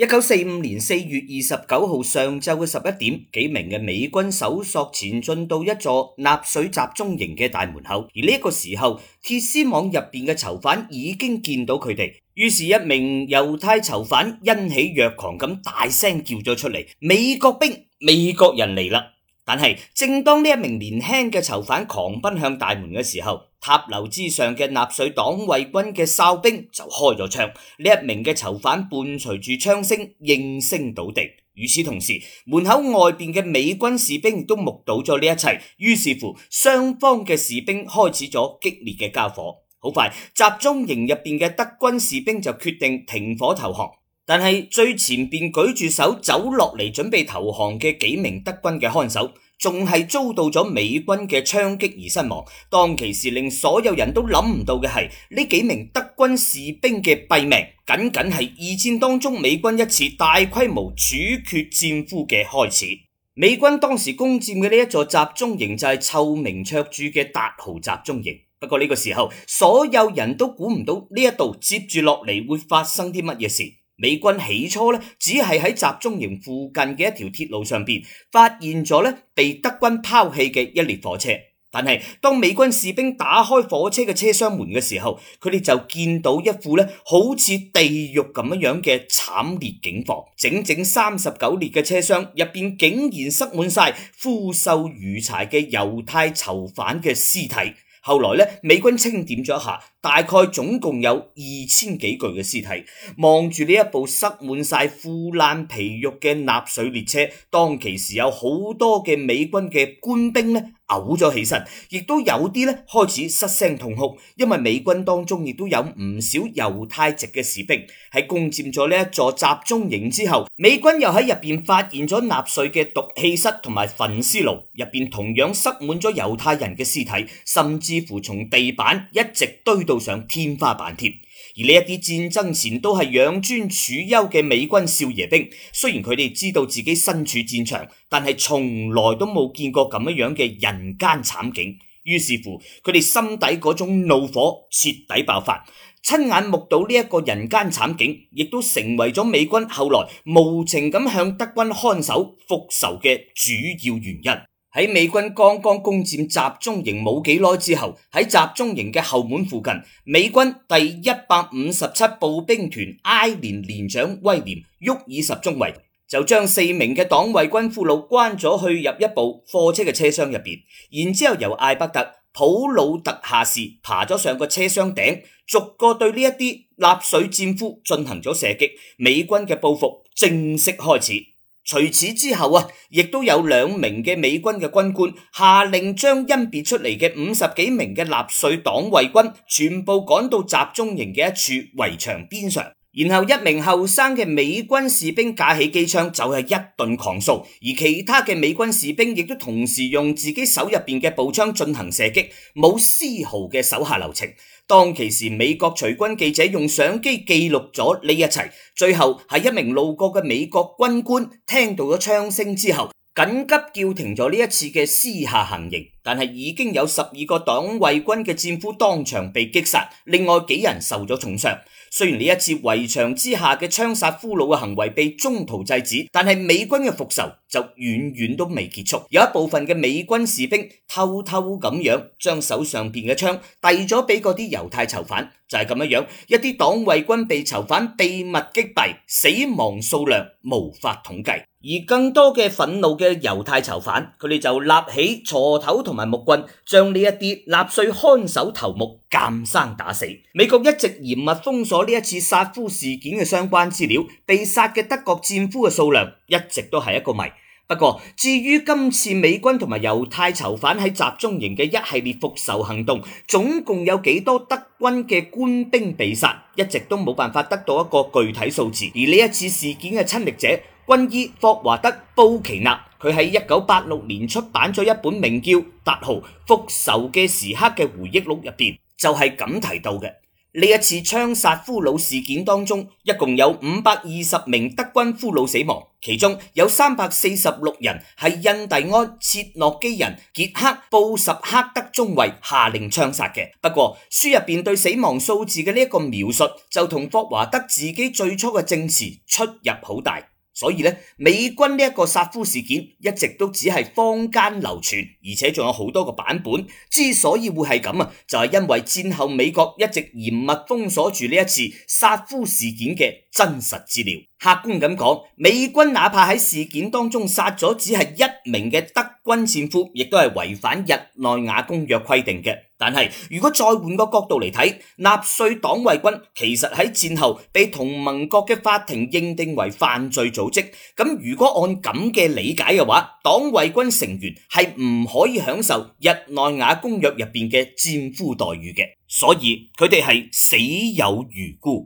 一九四五年四月二十九號上晝嘅十一點，幾名嘅美軍搜索前進到一座納粹集中營嘅大門口，而呢個時候，鐵絲網入邊嘅囚犯已經見到佢哋，於是，一名猶太囚犯欣喜若狂咁大聲叫咗出嚟：美國兵，美國人嚟啦！但係，正當呢一名年輕嘅囚犯狂奔向大門嘅時候，塔樓之上嘅納粹黨衛軍嘅哨兵就開咗槍，呢一名嘅囚犯伴隨住槍聲應聲倒地。與此同時，門口外邊嘅美軍士兵都目睹咗呢一切。於是乎，雙方嘅士兵開始咗激烈嘅交火。好快，集中營入邊嘅德軍士兵就決定停火投降。但係最前邊舉住手走落嚟準備投降嘅幾名德軍嘅看守，仲係遭到咗美軍嘅槍擊而身亡。當其時，令所有人都諗唔到嘅係呢幾名德軍士兵嘅斃命，僅僅係二戰當中美軍一次大規模處決戰俘嘅開始。美軍當時攻占嘅呢一座集中營就係臭名卓著嘅達豪集中營。不過呢個時候，所有人都估唔到呢一度接住落嚟會發生啲乜嘢事。美軍起初咧，只係喺集中營附近嘅一條鐵路上邊，發現咗咧，被德軍拋棄嘅一列火車。但係當美軍士兵打開火車嘅車廂門嘅時候，佢哋就見到一副咧，好似地獄咁樣嘅慘烈景況。整整三十九列嘅車廂入面，竟然塞滿晒枯瘦如柴嘅猶太囚犯嘅屍體。後來咧，美軍清點咗一下，大概總共有二千幾具嘅屍體。望住呢一部塞滿晒腐爛皮肉嘅納粹列車，當其時有好多嘅美軍嘅官兵咧。嘔咗起身，亦都有啲咧開始失聲痛哭，因為美軍當中亦都有唔少猶太籍嘅士兵。喺攻占咗呢一座集中營之後，美軍又喺入邊發現咗納粹嘅毒氣室同埋焚屍爐，入邊同樣塞滿咗猶太人嘅屍體，甚至乎從地板一直堆到上天花板貼。而呢一啲戰爭前都係養尊處優嘅美軍少爺兵，雖然佢哋知道自己身處戰場，但係從來都冇見過咁樣嘅人間慘景。於是乎，佢哋心底嗰種怒火徹底爆發，親眼目睹呢一個人間慘景，亦都成為咗美軍後來無情咁向德軍看守復仇嘅主要原因。喺美軍剛剛攻佔集中營冇幾耐之後，喺集中營嘅後門附近，美軍第一百五十七步兵團埃連連長威廉沃爾什中尉就將四名嘅黨衛軍俘虜關咗去入一部貨車嘅車廂入邊，然之後由艾伯特普魯特下士爬咗上個車廂頂，逐個對呢一啲納粹戰俘進行咗射擊，美軍嘅報復正式開始。除此之後啊，亦都有兩名嘅美軍嘅軍官下令將甄別出嚟嘅五十幾名嘅納粹黨衛軍全部趕到集中營嘅一處圍牆邊上，然後一名後生嘅美軍士兵架起機槍就係一頓狂掃，而其他嘅美軍士兵亦都同時用自己手入邊嘅步槍進行射擊，冇絲毫嘅手下留情。當其時，美國隨軍記者用相機記錄咗呢一切，最後係一名路過嘅美國軍官聽到咗槍聲之後，緊急叫停咗呢一次嘅私下行刑。但係已經有十二個黨衛軍嘅戰俘當場被擊殺，另外幾人受咗重傷。雖然呢一次圍牆之下嘅槍殺俘虜嘅行為被中途制止，但係美軍嘅復仇就遠遠都未結束。有一部分嘅美軍士兵偷偷咁樣將手上邊嘅槍遞咗俾嗰啲猶太囚犯，就係咁樣樣。一啲黨衛軍被囚犯秘密擊斃，死亡數量無法統計。而更多嘅憤怒嘅猶太囚犯，佢哋就立起鋤頭同。埋木棍，將呢一啲納粹看守頭目監生打死。美國一直嚴密封鎖呢一次殺俘事件嘅相關資料，被殺嘅德國戰俘嘅數量一直都係一個謎。不過，至於今次美軍同埋猶太囚犯喺集中營嘅一系列復仇行動，總共有幾多德軍嘅官兵被殺，一直都冇辦法得到一個具體數字。而呢一次事件嘅親歷者。軍醫霍華德·布奇納，佢喺一九八六年出版咗一本名叫《達豪復仇嘅時刻》嘅回憶錄入邊，就係咁提到嘅呢一次槍殺俘虜事件當中，一共有五百二十名德軍俘虜死亡，其中有三百四十六人係印第安切諾基人傑克·布什克德中尉下令槍殺嘅。不過書入邊對死亡數字嘅呢一個描述就同霍華德自己最初嘅證詞出入好大。所以咧，美軍呢一個殺俘事件一直都只係坊間流傳，而且仲有好多個版本。之所以會係咁啊，就係因為戰後美國一直嚴密封鎖住呢一次殺俘事件嘅真實資料。客觀咁講，美軍哪怕喺事件當中殺咗只係一名嘅德軍戰俘，亦都係違反日內瓦公約規定嘅。但係如果再換個角度嚟睇，納粹黨衛軍其實喺戰後被同盟國嘅法庭認定為犯罪組織，咁如果按咁嘅理解嘅話，黨衛軍成員係唔可以享受日內瓦公約入邊嘅戰俘待遇嘅，所以佢哋係死有餘辜。